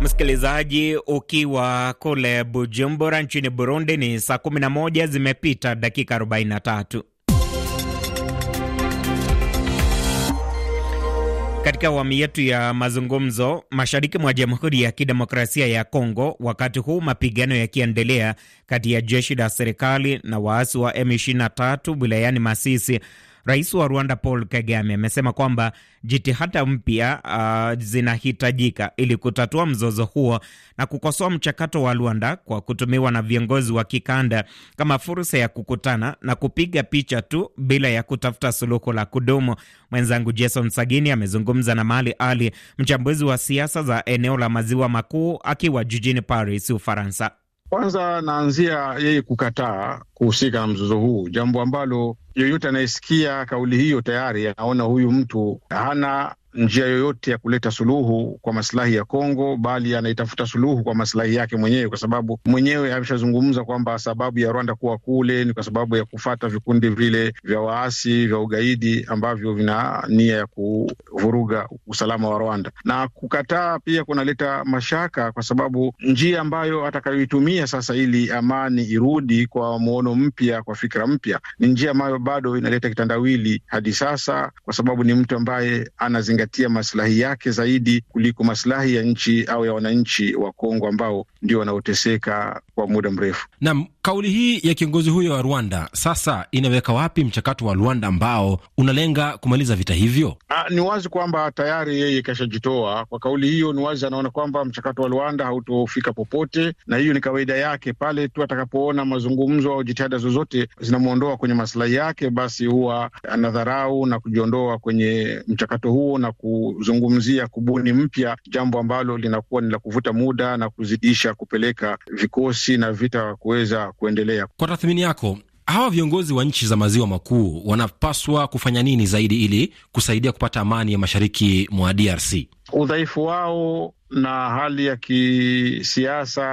Msikilizaji, ukiwa kule Bujumbura nchini Burundi ni saa 11 zimepita dakika 43. Katika awamu yetu ya mazungumzo mashariki mwa Jamhuri ya Kidemokrasia ya Kongo, wakati huu mapigano yakiendelea kati ya jeshi la serikali na waasi wa M23 wilayani Masisi, Rais wa Rwanda Paul Kagame amesema kwamba jitihada mpya uh, zinahitajika ili kutatua mzozo huo na kukosoa mchakato wa Rwanda kwa kutumiwa na viongozi wa kikanda kama fursa ya kukutana na kupiga picha tu bila ya kutafuta suluhu la kudumu. Mwenzangu Jason Sagini amezungumza na Mali Ali, mchambuzi wa siasa za eneo la maziwa makuu, akiwa jijini Paris, Ufaransa. Kwanza naanzia yeye kukataa kuhusika na mzozo huu, jambo ambalo Yoyote anayesikia kauli hiyo tayari anaona huyu mtu hana njia yoyote ya kuleta suluhu kwa masilahi ya Kongo, bali anaitafuta suluhu kwa masilahi yake mwenyewe, kwa sababu mwenyewe ameshazungumza kwamba sababu ya Rwanda kuwa kule ni kwa sababu ya kufata vikundi vile vya waasi vya ugaidi ambavyo vina nia ya kuvuruga usalama wa Rwanda, na kukataa pia kunaleta mashaka, kwa sababu njia ambayo atakayoitumia sasa ili amani irudi kwa muono mpya, kwa fikira mpya, ni njia ambayo bado inaleta kitandawili hadi sasa, kwa sababu ni mtu ambaye anazingatia masilahi yake zaidi kuliko masilahi ya nchi au ya wananchi wa Kongo ambao ndio wanaoteseka kwa muda mrefu. Naam, kauli hii ya kiongozi huyo wa Rwanda sasa inaweka wapi mchakato wa Rwanda ambao unalenga kumaliza vita hivyo? A, ah, ni wazi kwamba tayari yeye kashajitoa kwa kauli hiyo. Ni wazi anaona kwamba mchakato wa Rwanda hautofika popote, na hiyo ni kawaida yake. Pale tu atakapoona mazungumzo au jitihada zozote zinamwondoa kwenye masilahi yake, basi huwa anadharau na kujiondoa kwenye mchakato huo na kuzungumzia kubuni mpya, jambo ambalo linakuwa ni la kuvuta muda na kuzidisha kupeleka vikosi na vita kuweza kuendelea. Kwa tathmini yako, hawa viongozi wa nchi za maziwa makuu wanapaswa kufanya nini zaidi ili kusaidia kupata amani ya mashariki mwa DRC? Udhaifu wao na hali ya kisiasa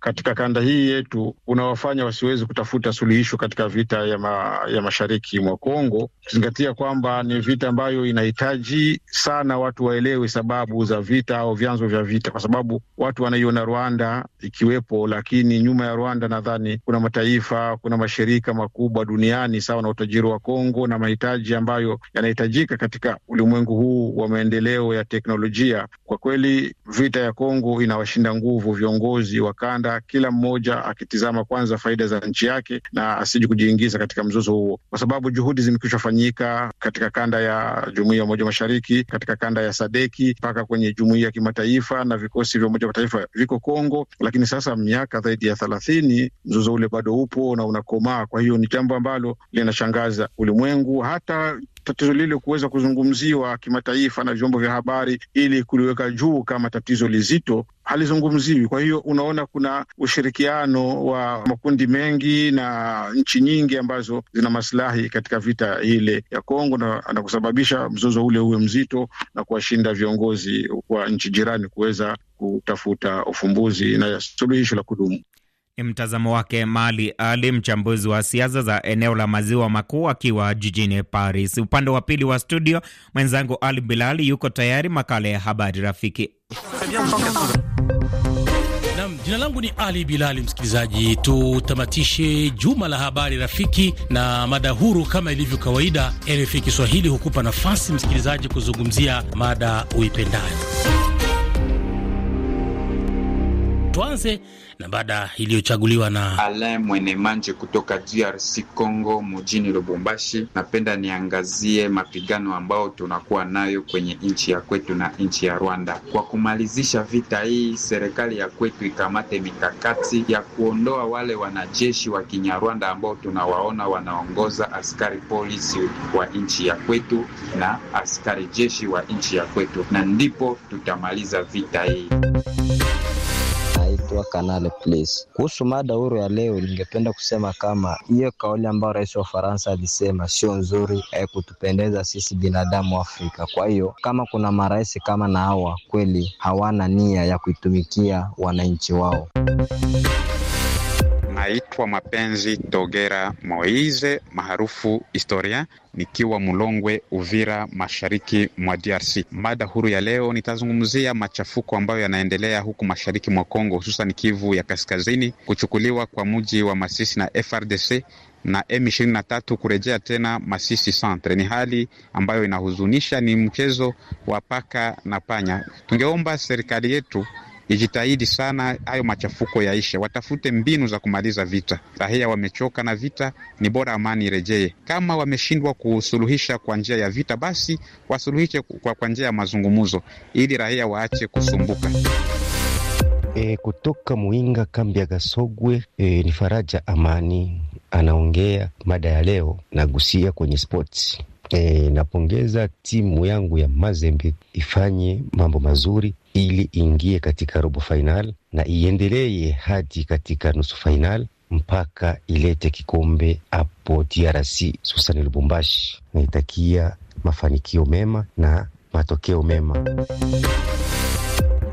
katika kanda hii yetu unawafanya wasiwezi kutafuta suluhisho katika vita ya, ma, ya mashariki mwa Kongo, ukizingatia kwamba ni vita ambayo inahitaji sana watu waelewe sababu za vita au vyanzo vya vita, kwa sababu watu wanaiona Rwanda ikiwepo, lakini nyuma ya Rwanda nadhani kuna mataifa, kuna mashirika makubwa duniani sawa na utajiri wa Kongo na mahitaji ambayo yanahitajika katika ulimwengu huu wa maendeleo ya teknolojia. Kwa kweli vita ya Kongo inawashinda nguvu viongozi wa kanda, kila mmoja akitizama kwanza faida za nchi yake na asije kujiingiza katika mzozo huo, kwa sababu juhudi zimekwisha fanyika katika kanda ya jumuiya ya Umoja Mashariki, katika kanda ya Sadeki mpaka kwenye jumuiya ya kimataifa, na vikosi vya Umoja Mataifa viko Kongo. Lakini sasa miaka zaidi ya thelathini mzozo ule bado upo na unakomaa. Kwa hiyo ni jambo ambalo linashangaza ulimwengu, hata tatizo lile kuweza kuzungumziwa kimataifa na vyombo vya habari ili kuliweka juu kama tatizo lizito halizungumziwi. Kwa hiyo unaona kuna ushirikiano wa makundi mengi na nchi nyingi ambazo zina masilahi katika vita ile ya Kongo na, na kusababisha mzozo ule uwe mzito na kuwashinda viongozi wa nchi jirani kuweza kutafuta ufumbuzi na suluhisho la kudumu. Mtazamo wake Mali Ali, mchambuzi wa siasa za eneo la maziwa makuu, akiwa jijini Paris. Upande wa pili wa studio, mwenzangu Ali Bilali yuko tayari, makala ya habari rafiki. Jina langu ni Ali Bilali. Msikilizaji, tutamatishe juma la habari rafiki na mada huru kama ilivyo kawaida. RFI Kiswahili hukupa nafasi msikilizaji kuzungumzia mada uipendayo. Tuanze na baada iliyochaguliwa na Alain Mwenemanje kutoka DRC Congo mjini Lubumbashi. Napenda niangazie mapigano ambayo tunakuwa nayo kwenye nchi ya kwetu na nchi ya Rwanda. Kwa kumalizisha vita hii, serikali ya kwetu ikamate mikakati ya kuondoa wale wanajeshi wa Kinyarwanda ambao tunawaona wanaongoza askari polisi wa nchi ya kwetu na askari jeshi wa nchi ya kwetu, na ndipo tutamaliza vita hii kutoa Kanale Place. Kuhusu mada huru ya leo, ningependa kusema kama hiyo kauli ambayo rais wa Faransa alisema sio nzuri eh, kutupendeza sisi binadamu Afrika. Kwa hiyo kama kuna marais kama na hawa kweli hawana nia ya kuitumikia wananchi wao. Naitwa Mapenzi Togera Moise maarufu Historia, nikiwa Mlongwe, Uvira, mashariki mwa DRC. Mada huru ya leo nitazungumzia machafuko ambayo yanaendelea huku mashariki mwa Kongo, hususan Kivu ya Kaskazini, kuchukuliwa kwa mji wa Masisi na FRDC na M23 kurejea tena Masisi Centre. Ni hali ambayo inahuzunisha, ni mchezo wa paka na panya. Tungeomba serikali yetu ijitahidi sana hayo machafuko yaishe, watafute mbinu za kumaliza vita. Raia wamechoka na vita, ni bora amani irejee. Kama wameshindwa kusuluhisha kwa njia ya vita, basi wasuluhishe kwa njia ya mazungumzo, ili raia waache kusumbuka. E, kutoka Muinga kambi ya Gasogwe e, ni Faraja Amani anaongea. Mada ya leo nagusia kwenye sports. E, napongeza timu yangu ya Mazembe ifanye mambo mazuri ili iingie katika robo final na iendelee hadi katika nusu fainal mpaka ilete kikombe hapo DRC, hususan Lubumbashi. Naitakia mafanikio mema na matokeo mema.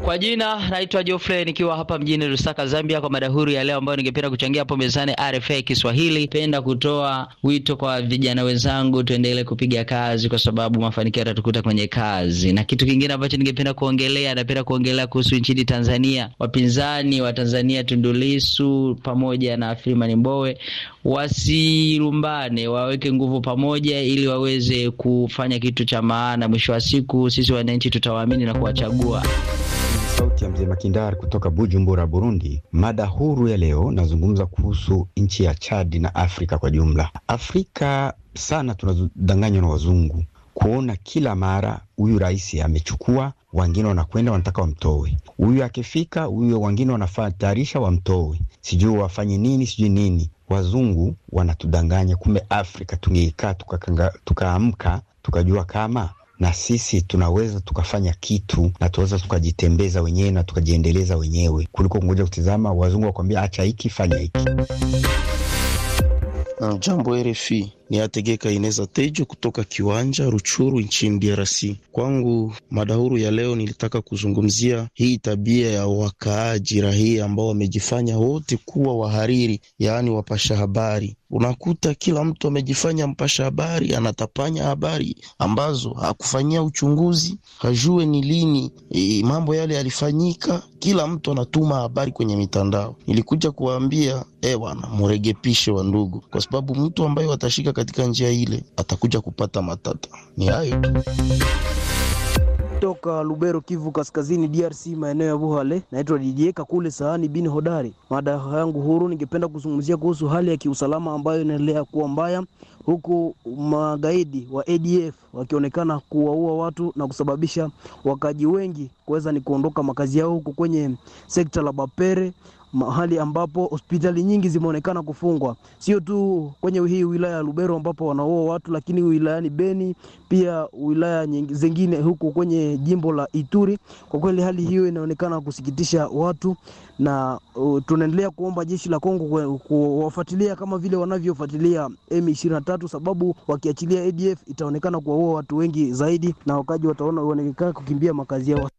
Kwa jina naitwa Geoffrey nikiwa hapa mjini Lusaka, Zambia, kwa mada huru ya leo ambayo ningependa kuchangia hapo mezani RFA Kiswahili. Penda kutoa wito kwa vijana wenzangu, tuendelee kupiga kazi, kwa sababu mafanikio yatatukuta kwenye kazi. Na kitu kingine ambacho ningependa kuongelea, napenda kuongelea kuhusu nchini Tanzania, wapinzani wa Tanzania Tundu Lissu pamoja na Freeman Mbowe wasilumbane, waweke nguvu pamoja ili waweze kufanya kitu cha maana. Mwisho wa siku, sisi wananchi tutawaamini na kuwachagua. Mzee Makindar kutoka Bujumbura, Burundi. Mada huru ya leo nazungumza kuhusu nchi ya Chadi na Afrika kwa jumla. Afrika sana tunadanganywa na wazungu kuona kila mara huyu rais amechukua, wengine wanakwenda wanataka wamtoe, huyu akifika, huyu wengine wanatayarisha wamtoe, sijui wafanye nini, sijui nini. Wazungu wanatudanganya, kumbe Afrika tungeikaa tukaamka tukajua kama na sisi tunaweza tukafanya kitu na tunaweza tukajitembeza wenyewe na tukajiendeleza wenyewe kuliko kungoja kutizama wazungu wakwambia acha hiki fanya hiki. Ah. Jambo RFI ni ategeka Ineza Tejo kutoka kiwanja Ruchuru nchini DRC. Kwangu madahuru ya leo, nilitaka kuzungumzia hii tabia ya wakaaji rahia ambao wamejifanya wote kuwa wahariri, yaani wapasha habari. Unakuta kila mtu amejifanya mpasha habari, anatapanya habari ambazo hakufanyia uchunguzi, hajue ni lini eh, mambo yale yalifanyika kila mtu anatuma habari kwenye mitandao. ilikuja kuwaambia ewana, eh, muregepishe wa ndugu, kwa sababu mtu ambaye watashika katika njia ile atakuja kupata matata. Ni hayo toka Lubero, Kivu Kaskazini, DRC, maeneo ya Buhale. Naitwa jijieka kule sahani bin hodari. Mada yangu huru, ningependa kuzungumzia kuhusu hali ya kiusalama ambayo inaendelea kuwa mbaya huku magaidi wa ADF wakionekana kuwaua watu na kusababisha wakaji wengi kuweza ni kuondoka makazi yao huku kwenye sekta la Bapere mahali ambapo hospitali nyingi zimeonekana kufungwa, sio tu kwenye hii wilaya ya Lubero ambapo wanaua watu, lakini wilayani Beni pia wilaya zingine huko kwenye jimbo la Ituri. Kwa kweli hali hiyo inaonekana kusikitisha watu, na uh, tunaendelea kuomba jeshi la Kongo kuwafuatilia kama vile wanavyofuatilia M23, sababu wakiachilia ADF itaonekana kuwaua watu wengi zaidi na wakaji wataona wanaonekana kukimbia makazi yao.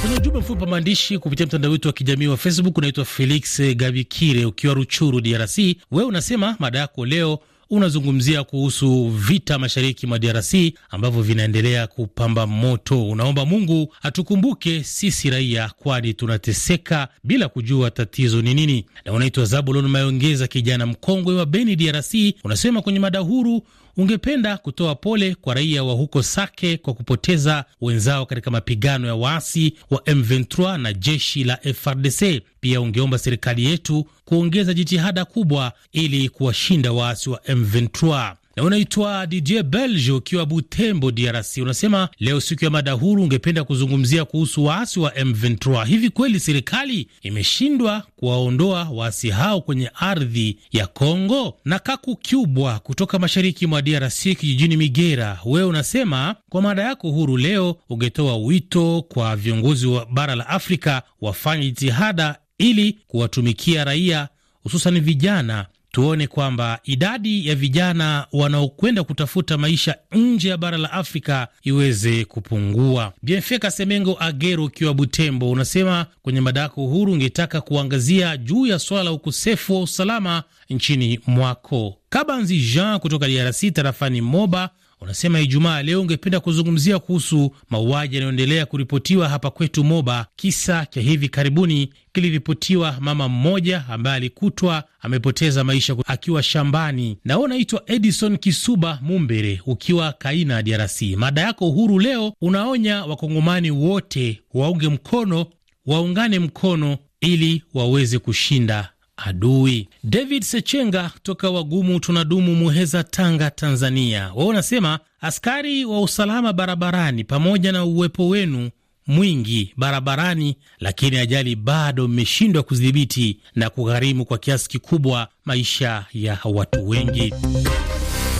Kwenye ujumbe mfupi wa maandishi kupitia mtandao wetu wa kijamii wa Facebook, unaitwa Felix Gabikire ukiwa Ruchuru, DRC. Wewe unasema mada yako leo unazungumzia kuhusu vita mashariki mwa DRC ambavyo vinaendelea kupamba moto. Unaomba Mungu atukumbuke sisi raia, kwani tunateseka bila kujua tatizo ni nini. Na unaitwa Zabulon Mayongeza, kijana mkongwe wa Beni, DRC, unasema kwenye mada huru ungependa kutoa pole kwa raia wa huko Sake kwa kupoteza wenzao katika mapigano ya waasi wa M23 na jeshi la frdc Pia ungeomba serikali yetu kuongeza jitihada kubwa ili kuwashinda waasi wa M23 na unaitwa DJ Belge ukiwa Butembo, DRC. Unasema leo siku ya mada huru, ungependa kuzungumzia kuhusu waasi wa M23. Hivi kweli serikali imeshindwa kuwaondoa waasi hao kwenye ardhi ya congo Na Kaku kubwa kutoka mashariki mwa DRC, kijijini Migera, wewe unasema kwa mada yako huru leo ungetoa wito kwa viongozi wa bara la Afrika wafanye jitihada ili kuwatumikia raia hususan vijana tuone kwamba idadi ya vijana wanaokwenda kutafuta maisha nje ya bara la Afrika iweze kupungua. Bienfeka Semengo Agero, ukiwa Butembo, unasema kwenye mada yako uhuru ungetaka kuangazia juu ya swala la ukosefu wa usalama nchini mwako. Kabanzi Jean kutoka DRC tarafani Moba wanasema Ijumaa leo ungependa kuzungumzia kuhusu mauaji yanayoendelea kuripotiwa hapa kwetu Moba. Kisa cha hivi karibuni kiliripotiwa mama mmoja ambaye alikutwa amepoteza maisha akiwa shambani. Na wewe unaitwa Edison Kisuba Mumbere ukiwa Kaina, DRC. Mada yako uhuru leo unaonya wakongomani wote waunge mkono, waungane mkono ili waweze kushinda adui. David Sechenga toka Wagumu Tunadumu, Muheza, Tanga, Tanzania, wao unasema askari wa usalama barabarani, pamoja na uwepo wenu mwingi barabarani, lakini ajali bado mmeshindwa kudhibiti na kugharimu kwa kiasi kikubwa maisha ya watu wengi.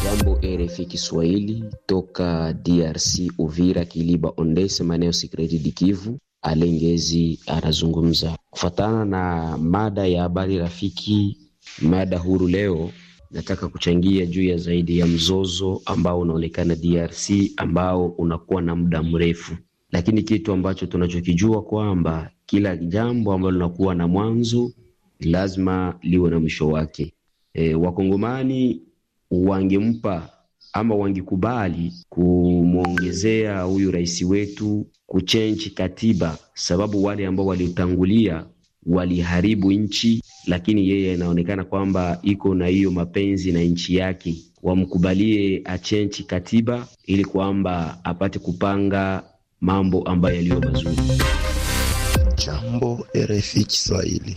Jambo RFI Kiswahili toka DRC Uvira, Kiliba, Ondese, maeneo Sekreti Dikivu alengezi anazungumza kufuatana na mada ya habari rafiki, mada huru. Leo nataka kuchangia juu ya zaidi ya mzozo ambao unaonekana DRC, ambao unakuwa na muda mrefu, lakini kitu ambacho tunachokijua kwamba kila jambo ambalo linakuwa na mwanzo lazima liwe na mwisho wake. E, wakongomani wangempa ama wangekubali kumwongezea huyu rais wetu kuchenji katiba, sababu wale ambao waliotangulia waliharibu nchi, lakini yeye anaonekana kwamba iko na hiyo mapenzi na nchi yake. Wamkubalie achenji katiba ili kwamba apate kupanga mambo ambayo yaliyo mazuri. Jambo RFI Kiswahili,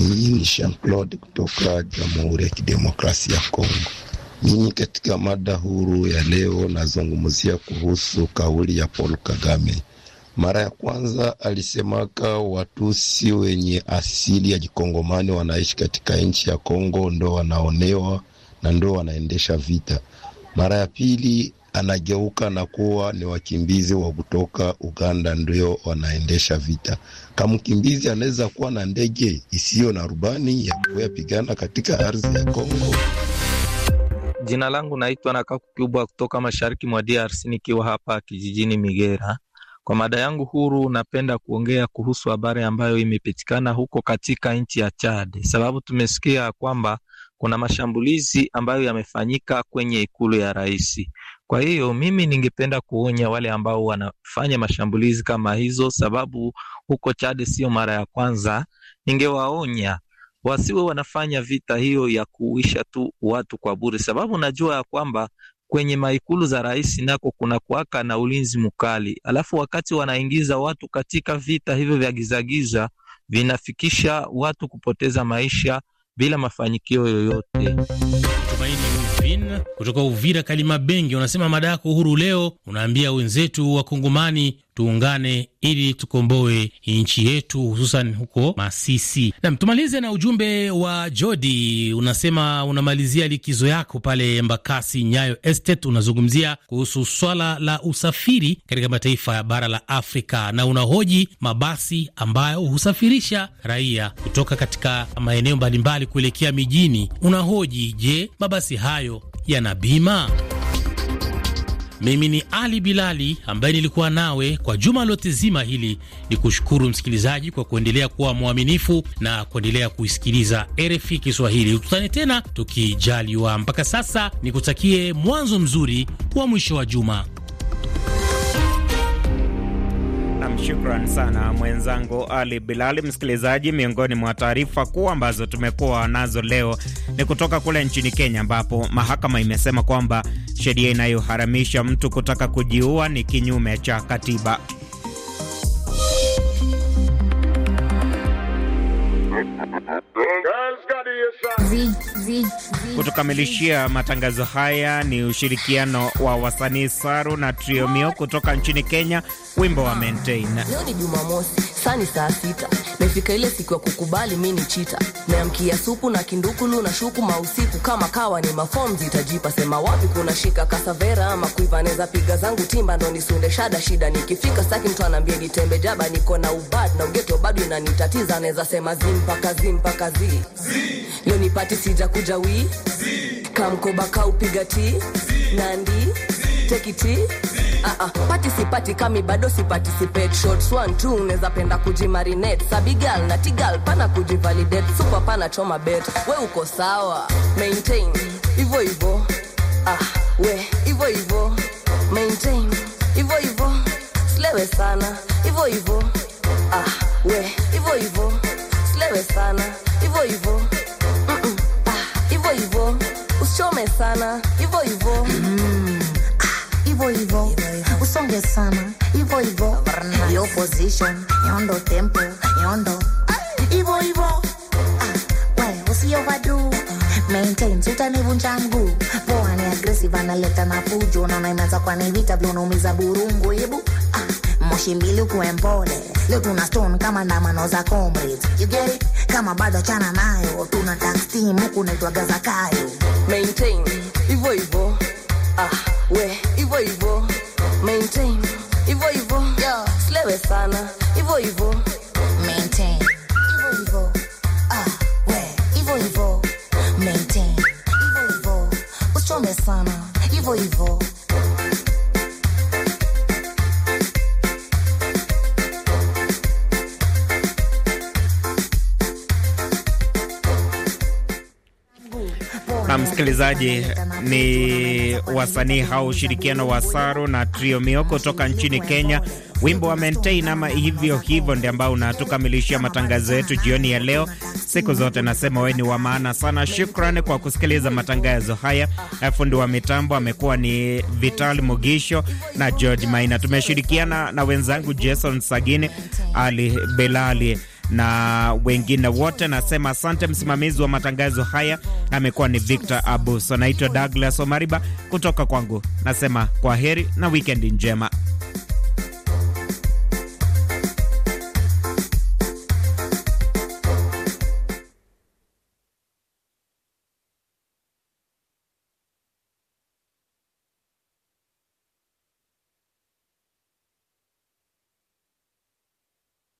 mimi ni Jean Claude kutoka Jamhuri ya Kidemokrasia ya Kongo. Mimi katika mada huru ya leo nazungumzia kuhusu kauli ya Paul Kagame. Mara ya kwanza alisemaka Watusi wenye asili ya Kikongomani wanaishi katika nchi ya Kongo ndo wanaonewa na ndo wanaendesha vita. Mara ya pili anageuka na kuwa ni wakimbizi wa kutoka Uganda ndio wanaendesha vita. Kama mkimbizi anaweza kuwa na ndege isiyo na rubani ya kuyapigana katika ardhi ya Kongo. Jina langu naitwa na Kaku Kubwa kutoka mashariki mwa DRC nikiwa hapa kijijini Migera. Kwa mada yangu huru, napenda kuongea kuhusu habari ambayo imepitikana huko katika nchi ya Chad, sababu tumesikia kwamba kuna mashambulizi ambayo yamefanyika kwenye ikulu ya rais. Kwa hiyo mimi ningependa kuonya wale ambao wanafanya mashambulizi kama hizo, sababu huko Chad sio mara ya kwanza. Ningewaonya wasiwe wanafanya vita hiyo ya kuisha tu watu kwa bure, sababu najua ya kwamba kwenye maikulu za rais nako kuna kuwaka na ulinzi mkali, alafu wakati wanaingiza watu katika vita hivyo vya gizagiza vinafikisha watu kupoteza maisha bila mafanikio yoyote. Tumaini kutoka Uvira Kalima Bengi unasema mada yako uhuru leo, unaambia wenzetu wakongomani tuungane ili tukomboe nchi yetu hususan huko Masisi. Nam, tumalize na ujumbe wa Jodi. Unasema unamalizia likizo yako pale Mbakasi Nyayo Estate, unazungumzia kuhusu swala la usafiri katika mataifa ya bara la Afrika na unahoji mabasi ambayo husafirisha raia kutoka katika maeneo mbalimbali kuelekea mijini. Unahoji, je, mabasi hayo yana bima? Mimi ni Ali Bilali ambaye nilikuwa nawe kwa juma lote zima hili. Ni kushukuru msikilizaji kwa kuendelea kuwa mwaminifu na kuendelea kuisikiliza RFI Kiswahili. Tukutane tena tukijaliwa. Mpaka sasa, ni kutakie mwanzo mzuri wa mwisho wa juma. Shukran sana mwenzangu Ali Bilali. Msikilizaji, miongoni mwa taarifa kuu ambazo tumekuwa nazo leo ni kutoka kule nchini Kenya, ambapo mahakama imesema kwamba sheria inayoharamisha mtu kutaka kujiua ni kinyume cha katiba. Kutukamilishia matangazo haya ni ushirikiano wa wasanii Saru na Triomio kutoka nchini Kenya, wimbo wa maintain. Leo ni Jumamosi, saa ni saa sita, mefika ile siku ya kukubali mi ni chita, naamkia supu na kindukulu na shuku mausiku, kama kawa ni mafomu zitajipa, sema wapi kuna shika kasavera ama kuivaneza, piga zangu timba ndo nisunde shada shida, nikifika saki mtu anaambia nitembe jaba, niko na ubad na ugeto bado inanitatiza, anaweza sema zimpaka zimpaka zi leo ni pati sija kuja wi kamkoba ka upiga ti nandi tekiti Uh -uh. pati sipati kami bado si participate shots one two unaweza penda kujimarinate girl na tigal pana kujivalidate super pana choma bet we uko sawa maintain ivo ivo ah we ivo ivo maintain ivo ivo slewe sana ivo ivo ah we ivo ivo slewe sana ivo hivyo hivyo, usichome sana hivyo hivyo hivyo ah, hivyo, usonge sana hivyo hivyo, Your position yondo tempo yondo hivyo hivyo, we usiovadu maintain utanivunja mguu poa, ni agresive analeta na fujo, naona imeanza kwanivita, vile unaumiza burungu, ibu. ah moshi mbili ukuwe mpole. Leo tuna stone kama ndamano za comrades. You get it? Kama bado chana nayo, tuna tax team huku naitwa gaza kayo. Maintain, ivo ivo Ah, we, ivo ivo Maintain, ivo ivo Yeah, slewe sana, ivo ivo Maintain, ivo ivo Ah, we, ivo ivo Maintain, ivo ivo Usichome sana, ivo ivo msikilizaji, ni wasanii hao, ushirikiano wa Saro na Trio Mio kutoka nchini Kenya, wimbo wa maintain ama hivyo hivyo, ndio ambao unatukamilishia matangazo yetu jioni ya leo. Siku zote nasema wewe ni wa maana sana. Shukrani kwa kusikiliza matangazo haya. Eh, fundi wa mitambo amekuwa ni Vital Mugisho na George Maina. Tumeshirikiana na wenzangu Jason Sagini, Ali Belali na wengine wote. Nasema asante. Msimamizi wa matangazo haya amekuwa ni Victor Abuso. Naitwa Douglas Omariba kutoka kwangu, nasema kwa heri na wikendi njema.